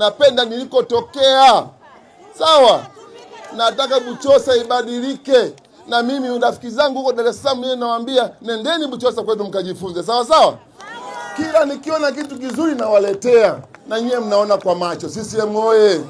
Napenda nilikotokea, sawa. Nataka Buchosa ibadilike, na mimi rafiki zangu huko Dar es Salaam yeye nawaambia, nendeni Buchosa kwetu mkajifunze, sawa sawa. Kila nikiona kitu kizuri nawaletea, na nyie mnaona kwa macho. CCM oye!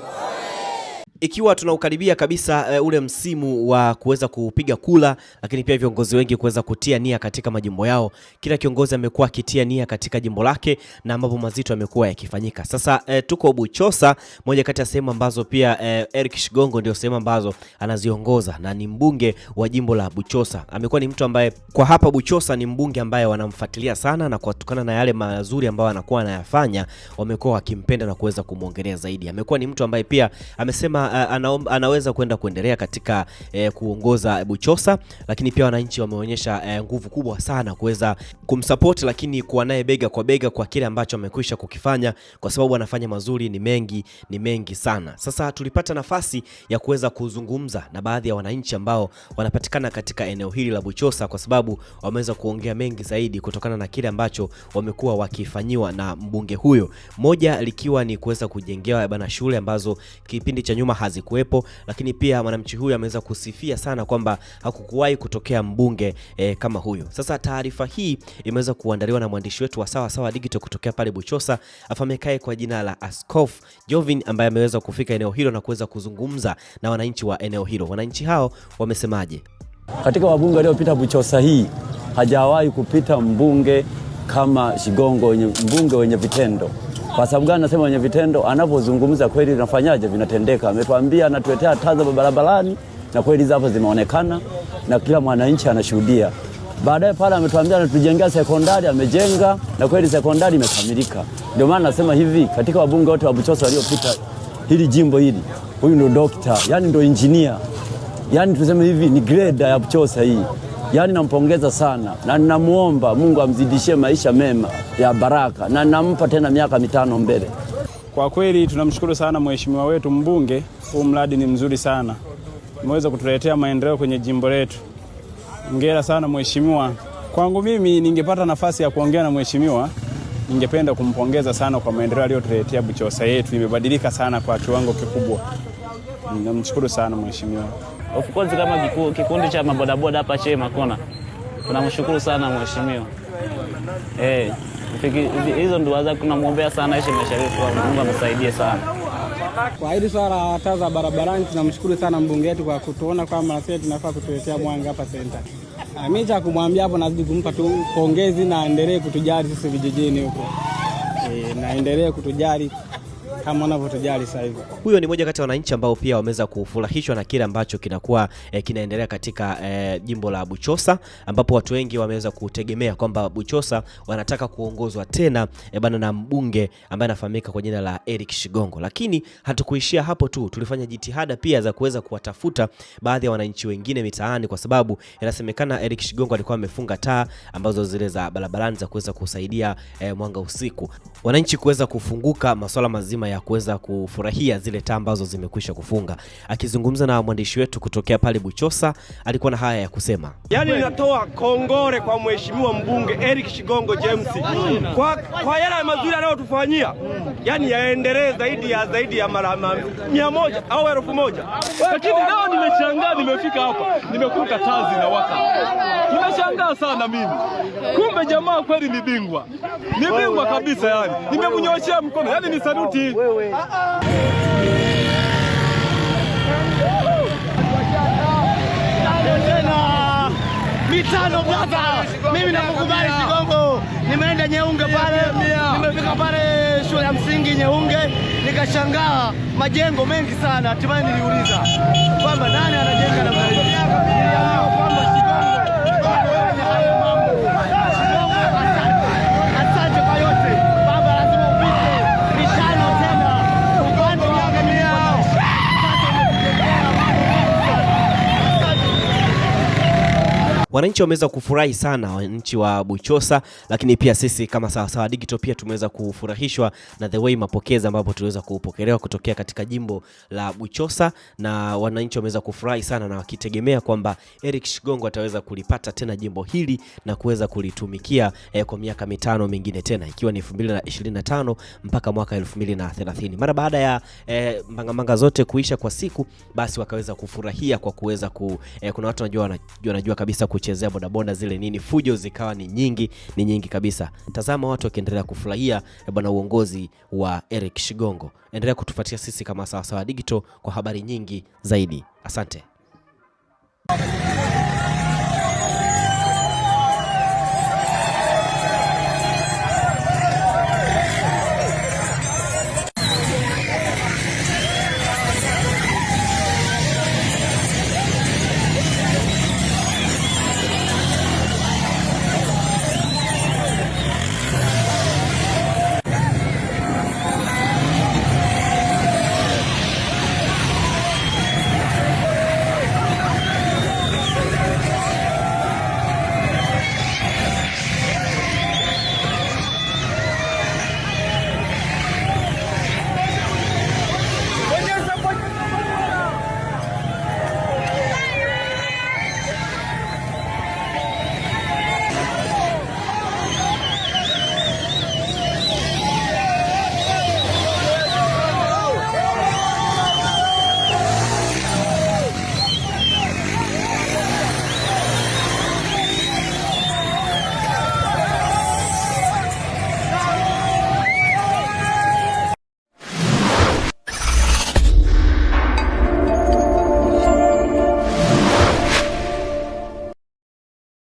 ikiwa tunaukaribia kabisa uh, ule msimu wa kuweza kupiga kula, lakini pia viongozi wengi kuweza kutia nia katika majimbo yao. Kila kiongozi amekuwa akitia nia katika jimbo lake na ambapo mazito yamekuwa yakifanyika. Sasa uh, tuko Buchosa, moja kati ya sehemu ambazo pia uh, Eric Shigongo ndio sehemu ambazo anaziongoza na ni mbunge wa jimbo la Buchosa. Amekuwa ni mtu ambaye kwa hapa Buchosa ni mbunge ambaye wanamfuatilia sana, na kutokana na yale mazuri ambayo anakuwa anayafanya wamekuwa wakimpenda na kuweza kumwongelea zaidi. Amekuwa ni mtu ambaye pia amesema ana, anaweza kwenda kuendelea katika eh, kuongoza Buchosa, lakini pia wananchi wameonyesha eh, nguvu kubwa sana kuweza kumsupport, lakini kuwa naye bega kwa bega kwa kile ambacho amekwisha kukifanya, kwa sababu anafanya mazuri ni mengi, ni mengi sana. Sasa tulipata nafasi ya kuweza kuzungumza na baadhi ya wananchi ambao wanapatikana katika eneo hili la Buchosa, kwa sababu wameweza kuongea mengi zaidi kutokana na kile ambacho wamekuwa wakifanyiwa na mbunge huyo, moja likiwa ni kuweza kujengewa bana shule ambazo kipindi cha nyuma hazikuwepo, lakini pia mwananchi huyu ameweza kusifia sana kwamba hakukuwahi kutokea mbunge e, kama huyo. Sasa taarifa hii imeweza kuandaliwa na mwandishi wetu wa Sawa Sawa Digital kutokea pale Buchosa, afamekae kwa jina la Askof Jovin ambaye ameweza kufika eneo hilo na kuweza kuzungumza na wananchi wa eneo hilo. Wananchi hao wamesemaje? Katika wabunge waliopita Buchosa hii hajawahi kupita mbunge kama Shigongo, mbunge wenye vitendo kwa sababu gani nasema wenye vitendo, anapozungumza kweli tunafanyaje, vinatendeka. Ametuambia, anatuletea taa za barabarani na kweli zapo zimeonekana na kila mwananchi anashuhudia. Baadaye pale ametuambia anatujengea sekondari, amejenga na kweli sekondari imekamilika. Ndio maana nasema hivi, katika wabunge wote wa Buchosa waliopita hili jimbo hili, huyu ndo dokta, yani ndo injinia, yani tuseme hivi ni greda ya Buchosa hii. Yaani nampongeza sana na ninamwomba Mungu amzidishie maisha mema ya baraka na nampa tena miaka mitano mbele. Kwa kweli tunamshukuru sana mheshimiwa wetu mbunge, huu mradi ni mzuri sana, umeweza kutuletea maendeleo kwenye jimbo letu. ngera sana mheshimiwa. Kwangu mimi, ningepata nafasi ya kuongea na mheshimiwa, ningependa kumpongeza sana kwa maendeleo aliyotuletea. Buchosa yetu imebadilika sana kwa kiwango kikubwa. Namshukuru sana mheshimiwa. Of course kama kikundi cha mabodaboda hapa Chewe Makona tunamshukuru sana mheshimiwa eh, hizo nduwa zake tunamwombea sana, ishi maisha Mungu amsaidie sana. Kwa hili swala la taa za barabarani tunamshukuru sana mbunge wetu kwa kutuona kwamba sisi tunafaa kutuletea mwanga hapa senta. Ah, mimi cha kumwambia hapo, nazidi kumpa tu pongezi na endelee kutujali sisi vijijini huko e, na endelee kutujali kama wanavyotujali sasa hivi. Huyo ni mmoja kati ya wananchi ambao pia wameweza kufurahishwa na kile ambacho kinakuwa eh, kinaendelea katika eh, jimbo la Buchosa ambapo watu wengi wameweza kutegemea kwamba Buchosa wanataka kuongozwa tena eh, bana na mbunge ambaye anafahamika kwa jina la Eric Shigongo, lakini hatukuishia hapo tu, tulifanya jitihada pia za kuweza kuwatafuta baadhi ya wananchi wengine mitaani, kwa sababu inasemekana Eric Shigongo alikuwa amefunga taa ambazo zile za barabarani za kuweza kusaidia eh, mwanga usiku, wananchi kuweza kufunguka masuala mazima ya ya kuweza kufurahia zile taa ambazo zimekwisha kufunga. Akizungumza na mwandishi wetu kutokea pale Buchosa, alikuwa na haya ya kusema. Yani, natoa kongore kwa mheshimiwa mbunge Eric Shigongo James kwa, kwa yale mazuri anayotufanyia, yani yaendelee zaidi ya zaidi ya mara mia moja au elfu moja. Lakini leo nimeshangaa, nimefika hapa nimekuta taa zinawaka, nimeshangaa sana mimi. Kumbe jamaa kweli ni bingwa, ni bingwa kabisa. Yani nimemnyoshea mkono, yani ni saluti wewe. Mitano brother. Mimi nakukubali Kigongo. Nimeenda Nyeunge pale. Nimefika pale shule ya msingi Nyeunge nikashangaa majengo mengi sana. Hatimaye niliuliza kwamba nani anajenga namna hii? Wananchi wameweza kufurahi sana, wananchi wa Buchosa, lakini pia sisi kama Sawasawa Digital pia tumeweza kufurahishwa na the way mapokezi ambapo tuliweza kupokelewa kutokea katika jimbo la Buchosa, na wananchi wameweza kufurahi sana na wakitegemea kwamba Eric Shigongo ataweza kulipata tena jimbo hili na kuweza kulitumikia eh, kwa miaka mitano mingine tena ikiwa ni 2025 mpaka mwaka 2030 mara baada ya eh, mangamanga zote kuisha kwa siku, basi wakaweza kufurahia kwa kuweza ku, eh, kuna watu wanajua wanajua kabisa ku kuchezea bodaboda zile nini, fujo zikawa ni nyingi, ni nyingi kabisa. Tazama watu wakiendelea kufurahia eh, bwana uongozi wa Eric Shigongo. Endelea kutufuatia sisi kama Sawasawa Digital kwa habari nyingi zaidi. Asante.